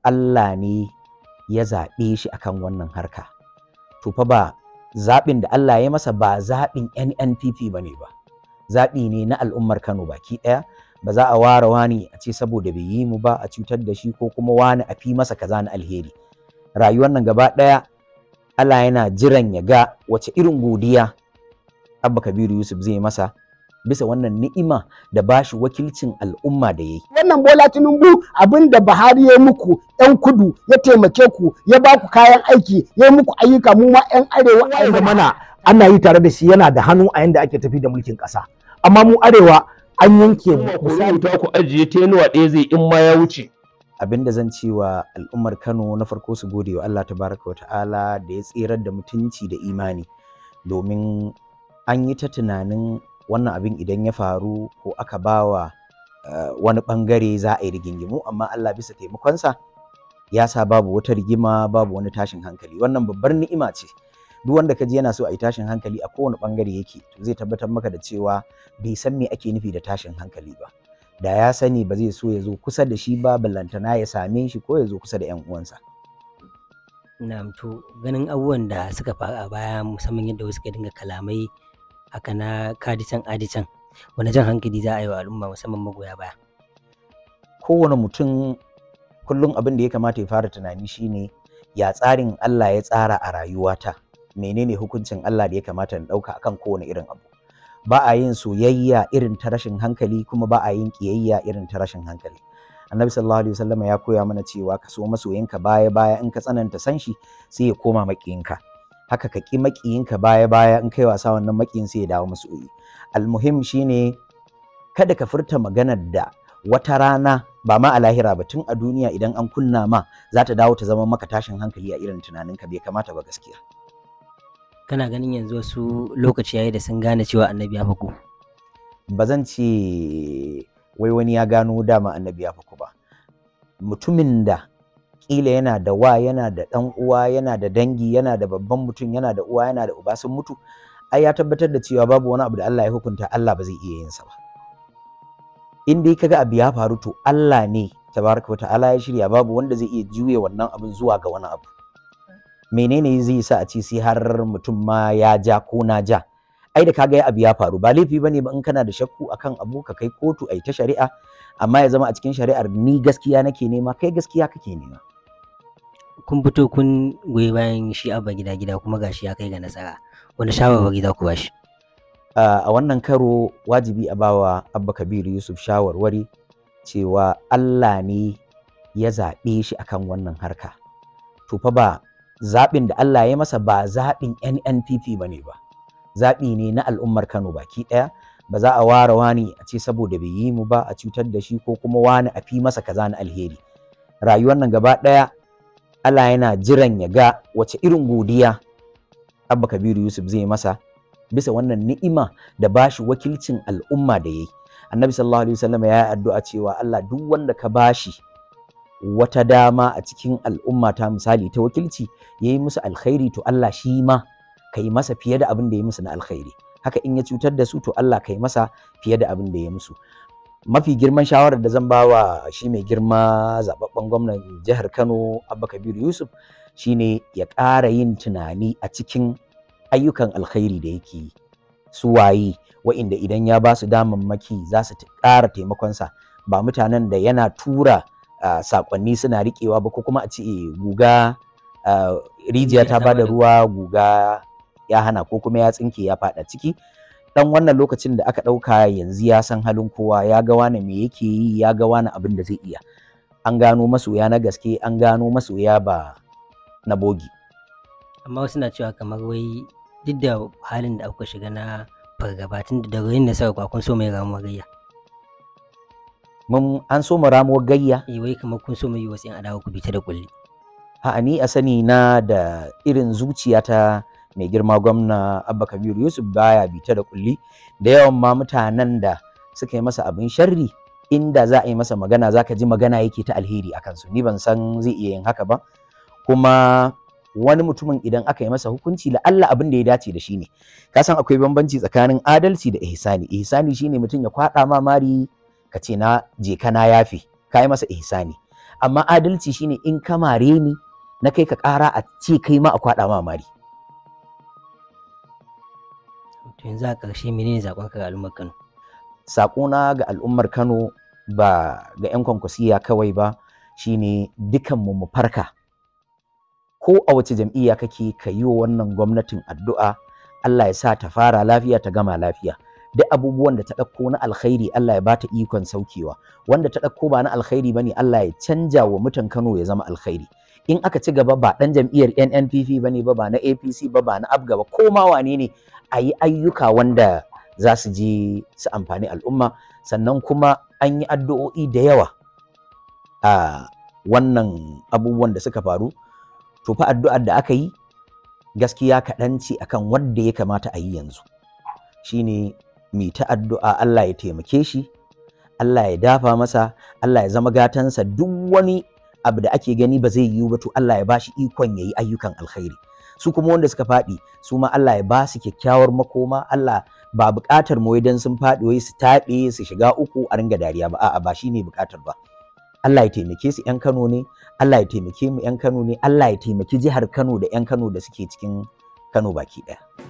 Allah ne ya zaɓe shi akan wannan harka to ba zaɓin da Allah ya masa ba zaɓin NNPP ba ne ba zaɓi ne na al'ummar Kano baki ɗaya ba za a ware wani a ce saboda bai yi mu ba a cutar da shi ko kuma wani a fi masa kaza na alheri rayuwar nan gaba ɗaya Allah yana jiran ya ga wace irin godiya Abba Kabiru Yusuf zai masa bisa wannan ni'ima da bashi wakilcin al'umma da yayi. Wannan Bola Tinubu abin da Buhari ya muku yan kudu ya taimake ku ya ba ku kayan aiki ya muku ayyuka mu ma yan arewa ga mana ana yi tare da shi yana da hannu a yanda ake tafi da mulkin ƙasa. Amma mu arewa an yanke mu. Ku ta ku ajiye yanuwa ɗaya zai in ma ya wuce. Abin da zan ce wa al'ummar Kano na farko su gode wa Allah tabaraka wa ta'ala da ya tsirar da mutunci da imani domin an yi ta tunanin wannan abin idan ya faru ko aka ba wa eh, wani bangare za a yi rigingimu amma Allah bisa taimakonsa ya sa babu wata rigima babu wani tashin hankali wannan babbar ni'ima ce duk wanda ka ji yana so a yi tashin hankali a kowane bangare yake to zai tabbatar maka da cewa bai san me ake nufi da tashin hankali ba da ya sani ba zai so ya zo kusa da shi ba ballantana ya same shi ko ya zo kusa da yan uwansa na'am to ganin abubuwan da suka faru a baya musamman yadda wasu ka dinga kalamai haka na kaditan aditan wani jan hankali za a yi wa al'umma musamman magoya baya kowane mutum kullum abin da ya kamata ya fara tunani shine ya tsarin Allah ya tsara a rayuwata menene hukuncin Allah da ya kamata in ɗauka akan kowane irin abu ba a yin soyayya irin ta rashin hankali kuma ba a yin ƙiyayya irin ta rashin hankali annabi sallallahu alaihi wasallam ya koya mana cewa ka so masoyinka baya baya in ka tsananta san shi sai ya koma maƙiyinka haka ka ƙi maƙiyinka baya baya in kai wasa wannan maƙiyin sai ya dawo uyi almuhim shine kada ka furta maganar da wata rana ba ma a lahira ba tun a duniya idan an kunna ma za ta dawo ta zama maka tashin hankali a irin tunaninka bai kamata ba gaskiya kana ganin yanzu wasu lokaci yayi da sun gane cewa annabi ya fako ba zan ce wai wani ya gano dama annabi ya fako ba mutumin da kila yana da wa yana da ɗan uwa yana da dangi yana da babban mutum yana da uwa yana da uba sun mutu ai ya tabbatar da cewa babu wani abu da Allah ya hukunta Allah ba zai iya yin sa ba in dai kaga abu ya faru to Allah ne tabaraka ta'ala ya shirya babu wanda zai iya juye wannan abin zuwa ga wani abu menene zai sa a ci sai har mutum ma ya ja ko na ja ai da kaga abu ya faru ba laifi bane ba in kana da shakku akan abu ka kai kotu ai ta shari'a amma ya zama a cikin shari'ar ni gaskiya nake nema kai gaskiya kake nema kun fito kun goyi bayan shi abba gida gida kuma gashi ya kai ga nasara wani shawarwari za ku ba shi a wannan karo wajibi a bawa abba Kabiru yusuf shawarwari cewa allah ne ya zaɓe shi akan wannan harka to fa ba zaɓin da allah ya masa ba zaɓin nnpp ba ne ba zaɓi ne na al'ummar kano baki ɗaya ba za a ware wani a ce saboda bai yi mu ba a cutar da shi ko kuma wani a fi masa kaza na alheri rayuwar nan gaba ɗaya Allah yana jiran ya ga wace irin godiya Abba Kabiru Yusuf zai masa bisa wannan ni'ima da bashi wakilcin al'umma da yayi Annabi sallallahu alaihi wasallam ya yi addu'a cewa Allah duk wanda ka bashi wata dama a cikin al'umma ta misali ta wakilci yayi musu alkhairi to Allah shi ma kai masa fiye da abin da ya musu na alkhairi haka in ya cutar da su to Allah kai masa fiye da abin da ya musu mafi girman shawarar da zan ba wa shi mai girma zababben gwamnan jihar kano abba kabiru yusuf shine ya ƙara yin tunani a cikin ayyukan alkhairi da yake yi su waye wa'inda idan ya ba su damammaki za su ƙara taimakonsa ba mutanen da yana tura sakonni suna riƙewa ba ko kuma a ce eh, guga rijiya ta ba da ruwa guga ya hana ko kuma ya tsinke ya faɗa ciki dan wannan lokacin da aka ɗauka yanzu ya san halin kowa ya ga wani me yake yi ya ga wani abin da zai iya an gano masoya na gaske an gano masoya ba na bogi amma wasu na cewa kamar wai duk da halin da aka shiga na fargaba tun da daga yin nasarar kwakun so mai ramuwar gayya mun an so mu ramuwar gayya eh wai kamar kun so mu yi wasu yan adawa ku bi ta da kulli a ni a sani na da irin zuciyata mai girma gwamna abba kabir yusuf baya bita da kulli da yawan ma mutanen da suka yi masa abin sharri inda za a yi masa magana za ka ji magana yake ta alheri a kansu ni ban san zai iya yin haka ba kuma wani mutumin idan aka yi masa hukunci la'alla abin da ya dace da shi ne ka san akwai bambanci tsakanin adalci da ihsani ihsani shine mutum ya kwaɗa ma mari ka ce na je kana yafi ka yi masa ihsani amma adalci shine in ka mare ni na kai ka kara a ce kai ma a kwaɗa mamari. To za a ƙarshe menene saƙonka ga al'ummar Kano? Saƙona ga al'ummar Kano ba ga 'yan kwankwasiya kawai ba shi ne dukanmu mu farka. Ko a wace jam'iyya kake ka yi wa wannan gwamnatin addu'a Allah ya sa ta fara lafiya ta gama lafiya. duk abubuwan da ta ɗauko na alkhairi Allah ya bata ikon saukewa wanda ta ɗauko ba na alkhairi ba ne, Allah ya canja wa mutan Kano ya zama alkhairi in aka ci gaba ba ɗan jam'iyyar NNPP ba ne ba ba na APC ba ba na ABGA ba ko ma wane ne a yi ayyuka wanda za su ji su amfani al'umma sannan kuma an yi addu'o'i da yawa a wannan abubuwan da suka faru to fa addu'ar da aka yi gaskiya kaɗan ce akan wanda ya kamata a yi yanzu shine mai ta addu'a Allah ya taimake shi Allah ya dafa masa Allah ya zama gatansa duk wani abu da ake gani ba zai yiwu ba to Allah ya bashi ikon yayi ayyukan alkhairi su kuma wanda suka faɗi su ma Allah ya ba su kyakkyawar makoma Allah ba buƙatar mu idan sun faɗi wai su taɓe su shiga uku a ringa dariya ba a'a ba shine buƙatar ba Allah ya taimake su ƴan Kano ne Allah ya taimake mu ƴan Kano ne Allah ya taimaki jihar Kano da ƴan Kano da suke cikin Kano baki ɗaya.